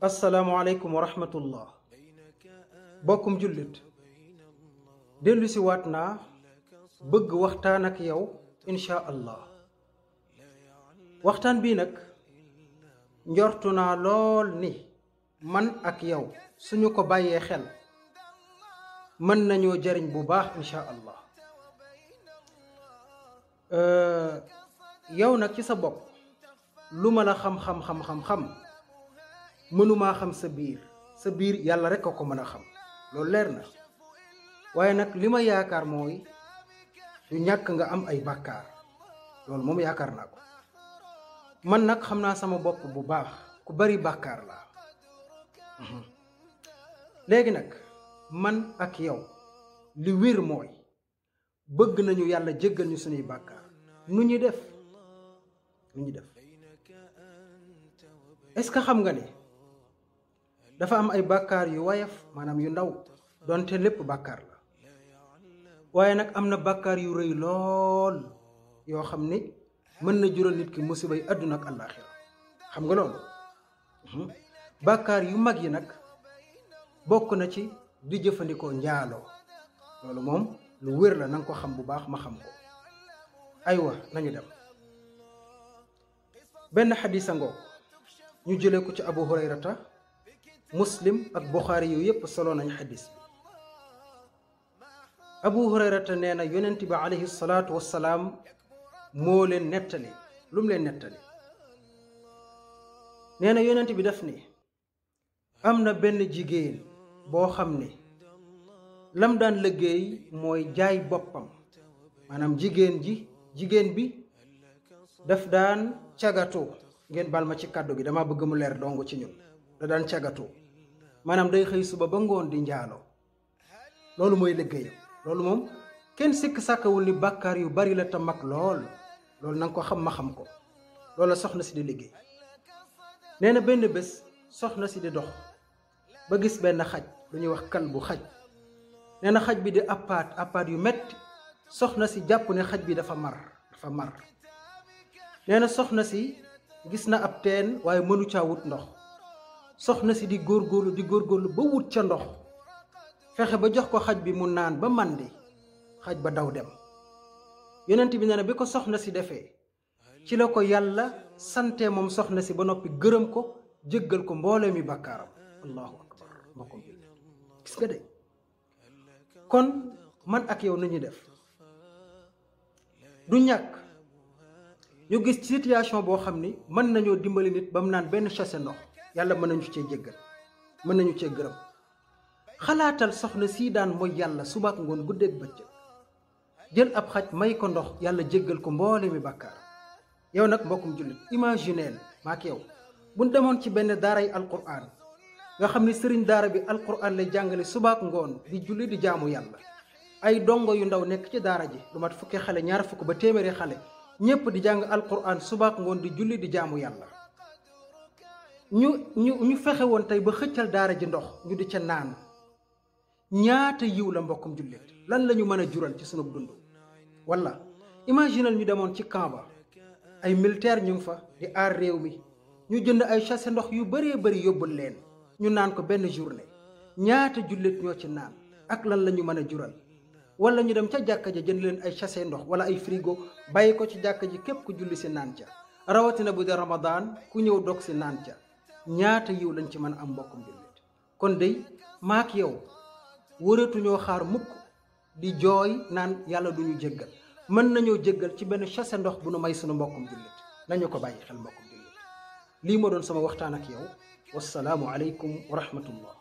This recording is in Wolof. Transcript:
asalaamualeykum wa rahmatullah bokkum jullit dellu waat naa bëgg waxtaan ak yow incha allah waxtaan bii nag njortu naa lool ni man ak yow suñu ko bàyyee xel mën nañu jariñ bu baax incha allah euh, yow nag ci sa bopp lu ma la xam-xam-xam-xam-xam mënumaa xam sa biir sa biir yàlla rek a ko mën a xam loolu leer na waaye nag li ma yaakaar mooy du ñàkk nga am ay bàkkaar loolu moom yaakaar naa ko man nag xam naa sama bopp bu baax ku bari bàkkaar laa mhm. léegi nag man ak yow li wér mooy bëgg nañu yàlla jéggal ñu suñuy bàkkaar nu ñuy def nu ñuy def est-ce que xam nga ne dafa am ay bàkkaar yu woyof maanaam yu ndaw donte lépp bàkkaar la waaye nag am na bàkkaar yu rëy lool yoo xam ni mën na juróom nit ki musiba yi àdduna ak àllaaxira xam nga loolu mhm. bàkkaar yu mag yi nag bokk na ci di jëfandikoo njaaloo loolu moom lu wér la nanga ko xam bu baax ma xam ko aywa nañu dem benn xadisa ngoo ñu jëlee ko ci abu hurayrata muslim ak buxaari yooyu yépp solo nañ bi abu hurayrata nee na yonent bi aleyhi salaatu wasalaam moo leen nettali lu leen nettali nee na yonent bi daf ni am na benn jigéen boo xam ne lam daan liggéey mooy jaay boppam maanaam jigéen ji jigéen bi daf daan cagatoo ngeen bal ma ci kàddu gi dama bëgg mu leer dong ci ñun da daan cagatu maanaam day xëy suba ba ngoon di njaaloo loolu mooy liggéey loolu moom kenn sikk sàkkawul ni bàkkaar yu bari la te mag lool loolu na ko xam ma xam ko loolu soxna si di liggéey nee benn bés soxna si di dox ba gis benn xaj lu ñuy wax kal bu xaj nee xaj bi di appaat appaat yu metti soxna si jàpp ne xaj bi dafa mar dafa mar nee soxna si gis na ab teen waaye mënu caawut ndox soxna si di góor góorgóorlu di góorgóorlu ba wut ca ndox fexe ba jox ko xaj bi mu naan ba màndi xaj ba daw dem yenent bi nee na bi ko soxna si defee ci la ko yàlla sante moom soxna si ba noppi gërëm ko jëggal ko mboolee mi bàkkaaram allahu akbar mbokkum bi gis nga de kon man ak yow nañu def du ñàkk ñu gis ci situation boo xam ni mën nañoo dimbali nit ba mu naan benn chasse ndox yàlla mën nañu cee jéggal mën nañu cee gërëm xalaatal soxna sii daan mooy yàlla subaak ngoon guddeeg bëccëg jël ab xaj may ko ndox yàlla jéggal ko mboole mi bàkkaar yow nag mbokkum jullit imagineel maak yow buñ demoon ci benn daara yi alquran nga xam ne sëriñ daara bi alquran lay jàngale subaak ngoon di julli di jaamu yàlla ay dongo yu ndaw nekk ci daara ji lu mat fukki xale ñaar fukk ba téeméeri xale ñépp di jàng alquran subaak ngoon di julli di jaamu yàlla ñu ñu ñu fexe woon tey ba xëccal daara ji ndox ñu di ca naan ñaata yiw la mbokkum jullit lan la ñu mën a jural ci sunu dund wala imaginal ñu demoon ci camp ba ay militaire ñu ngi fa di aar réew mi ñu jënd ay chasse ndox yu bëree bëri yóbbul leen ñu naan ko benn journée ñaata jullit ñoo ci naan ak lan la ñu mën a jural wala ñu dem ca jàkka ja jënd leen ay chase ndox wala ay frigo bàyyi ko ci jàkka ji képp ku julli si naan ca rawatina bu dee Ramadan ku ñëw dog ca ñaata yiw lañ ci mën am mbokkum jullit kon day maak yow wëratuñoo xaar mukk di jooy naan yàlla duñu jéggal mën nañoo jéggal ci benn chasse ndox bu nu may sunu mbokkum jullit nañu ko bàyyi xel mbokkum jullit lii ma doon sama waxtaan ak yow wassalaamu aleykum wa